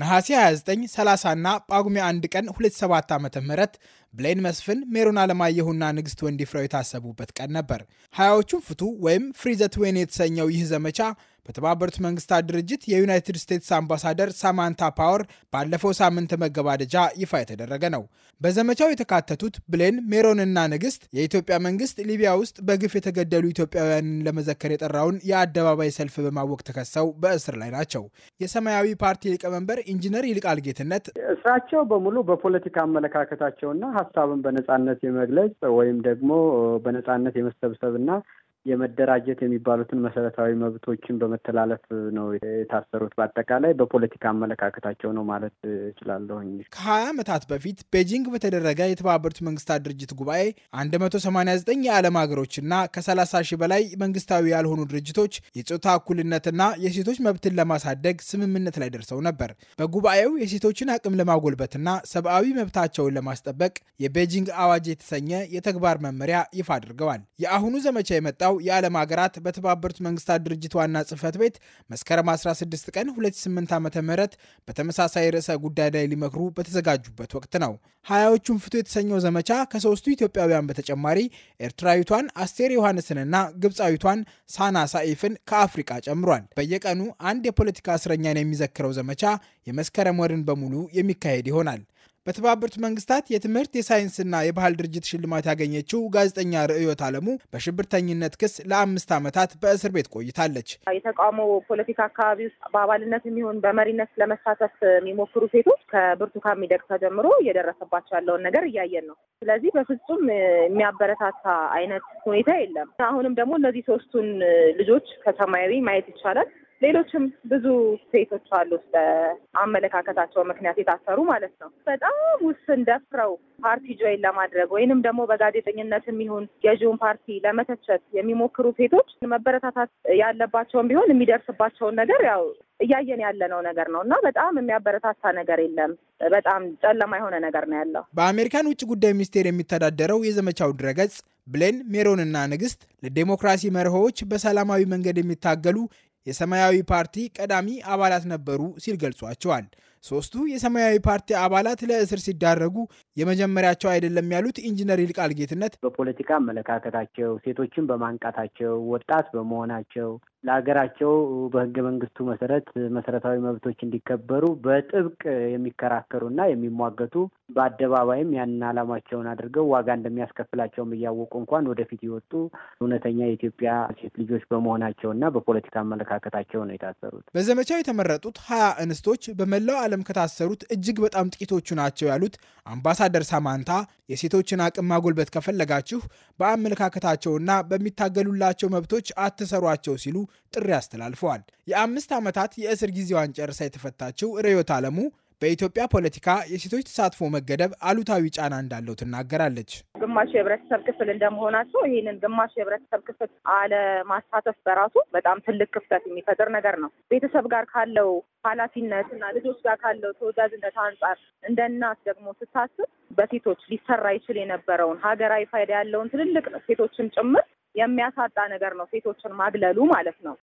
ነሐሴ 29 30 ና ጳጉሜ 1 ቀን 27 ዓ ም ብሌን መስፍን ሜሮን አለማየሁና ንግሥት ወንዲ ፍረው የታሰቡበት ቀን ነበር። ሀያዎቹን ፍቱ ወይም ፍሪዘት ወይን የተሰኘው ይህ ዘመቻ በተባበሩት መንግስታት ድርጅት የዩናይትድ ስቴትስ አምባሳደር ሳማንታ ፓወር ባለፈው ሳምንት መገባደጃ ይፋ የተደረገ ነው። በዘመቻው የተካተቱት ብሌን፣ ሜሮንና ንግስት የኢትዮጵያ መንግስት ሊቢያ ውስጥ በግፍ የተገደሉ ኢትዮጵያውያንን ለመዘከር የጠራውን የአደባባይ ሰልፍ በማወቅ ተከሰው በእስር ላይ ናቸው። የሰማያዊ ፓርቲ ሊቀመንበር ኢንጂነር ይልቃል ጌትነት እስራቸው በሙሉ በፖለቲካ አመለካከታቸውና ሀሳብን በነጻነት የመግለጽ ወይም ደግሞ በነጻነት የመሰብሰብና የመደራጀት የሚባሉትን መሰረታዊ መብቶችን በመተላለፍ ነው የታሰሩት። በአጠቃላይ በፖለቲካ አመለካከታቸው ነው ማለት እችላለሁኝ። ከሀያ ዓመታት በፊት ቤጂንግ በተደረገ የተባበሩት መንግስታት ድርጅት ጉባኤ 189 የዓለም ሀገሮችና ከ30 ሺህ በላይ መንግስታዊ ያልሆኑ ድርጅቶች የጾታ እኩልነትና የሴቶች መብትን ለማሳደግ ስምምነት ላይ ደርሰው ነበር። በጉባኤው የሴቶችን አቅም ለማጎልበትና ሰብአዊ መብታቸውን ለማስጠበቅ የቤጂንግ አዋጅ የተሰኘ የተግባር መመሪያ ይፋ አድርገዋል። የአሁኑ ዘመቻ የመጣው መላው የዓለም ሀገራት በተባበሩት መንግስታት ድርጅት ዋና ጽህፈት ቤት መስከረም 16 ቀን 28 ዓ ም በተመሳሳይ ርዕሰ ጉዳይ ላይ ሊመክሩ በተዘጋጁበት ወቅት ነው። ሀያዎቹን ፍቱ የተሰኘው ዘመቻ ከሶስቱ ኢትዮጵያውያን በተጨማሪ ኤርትራዊቷን አስቴር ዮሐንስንና ግብፃዊቷን ሳና ሳኢፍን ከአፍሪቃ ጨምሯል። በየቀኑ አንድ የፖለቲካ እስረኛን የሚዘክረው ዘመቻ የመስከረም ወርን በሙሉ የሚካሄድ ይሆናል። በተባበሩት መንግስታት የትምህርት የሳይንስና የባህል ድርጅት ሽልማት ያገኘችው ጋዜጠኛ ርዕዮት አለሙ በሽብርተኝነት ክስ ለአምስት ዓመታት በእስር ቤት ቆይታለች። የተቃውሞ ፖለቲካ አካባቢ ውስጥ በአባልነት የሚሆን በመሪነት ለመሳተፍ የሚሞክሩ ሴቶች ከብርቱካን ሚደቅሳ ጀምሮ እየደረሰባቸው ያለውን ነገር እያየን ነው። ስለዚህ በፍጹም የሚያበረታታ አይነት ሁኔታ የለም። አሁንም ደግሞ እነዚህ ሶስቱን ልጆች ከሰማያዊ ማየት ይቻላል። ሌሎችም ብዙ ሴቶች አሉ በአመለካከታቸው ምክንያት የታሰሩ ማለት ነው። በጣም ውስን ደፍረው ፓርቲ ጆይን ለማድረግ ወይንም ደግሞ በጋዜጠኝነት የሚሆን የዥውን ፓርቲ ለመተቸት የሚሞክሩ ሴቶች መበረታታት ያለባቸውን ቢሆን የሚደርስባቸውን ነገር ያው እያየን ያለነው ነገር ነው እና በጣም የሚያበረታታ ነገር የለም። በጣም ጨለማ የሆነ ነገር ነው ያለው። በአሜሪካን ውጭ ጉዳይ ሚኒስቴር የሚተዳደረው የዘመቻው ድረገጽ ብሌን ሜሮንና ንግስት ለዴሞክራሲ መርሆዎች በሰላማዊ መንገድ የሚታገሉ የሰማያዊ ፓርቲ ቀዳሚ አባላት ነበሩ ሲል ገልጿቸዋል። ሶስቱ የሰማያዊ ፓርቲ አባላት ለእስር ሲዳረጉ የመጀመሪያቸው አይደለም ያሉት ኢንጂነር ይልቃል ጌትነት በፖለቲካ አመለካከታቸው፣ ሴቶችን በማንቃታቸው፣ ወጣት በመሆናቸው ለሀገራቸው በህገ መንግስቱ መሰረት መሰረታዊ መብቶች እንዲከበሩ በጥብቅ የሚከራከሩና የሚሟገቱ በአደባባይም ያንን አላማቸውን አድርገው ዋጋ እንደሚያስከፍላቸውም እያወቁ እንኳን ወደፊት የወጡ እውነተኛ የኢትዮጵያ ሴት ልጆች በመሆናቸውና በፖለቲካ አመለካከታቸው ነው የታሰሩት። በዘመቻው የተመረጡት ሀያ እንስቶች በመላው ዓለም ከታሰሩት እጅግ በጣም ጥቂቶቹ ናቸው ያሉት አምባሳደር ሳማንታ የሴቶችን አቅም ማጎልበት ከፈለጋችሁ በአመለካከታቸውና በሚታገሉላቸው መብቶች አትሰሯቸው ሲሉ ጥሪ አስተላልፈዋል። የአምስት ዓመታት የእስር ጊዜዋን ጨርሳ የተፈታችው ርዕዮት ዓለሙ በኢትዮጵያ ፖለቲካ የሴቶች ተሳትፎ መገደብ አሉታዊ ጫና እንዳለው ትናገራለች። ግማሽ የህብረተሰብ ክፍል እንደመሆናቸው ይህንን ግማሽ የህብረተሰብ ክፍል አለማሳተፍ በራሱ በጣም ትልቅ ክፍተት የሚፈጥር ነገር ነው። ቤተሰብ ጋር ካለው ኃላፊነት እና ልጆች ጋር ካለው ተወዳጅነት አንጻር እንደ እናት ደግሞ ስታስብ በሴቶች ሊሰራ ይችል የነበረውን ሀገራዊ ፋይዳ ያለውን ትልልቅ ሴቶችን ጭምር የሚያሳጣ ነገር ነው ሴቶችን ማግለሉ ማለት ነው።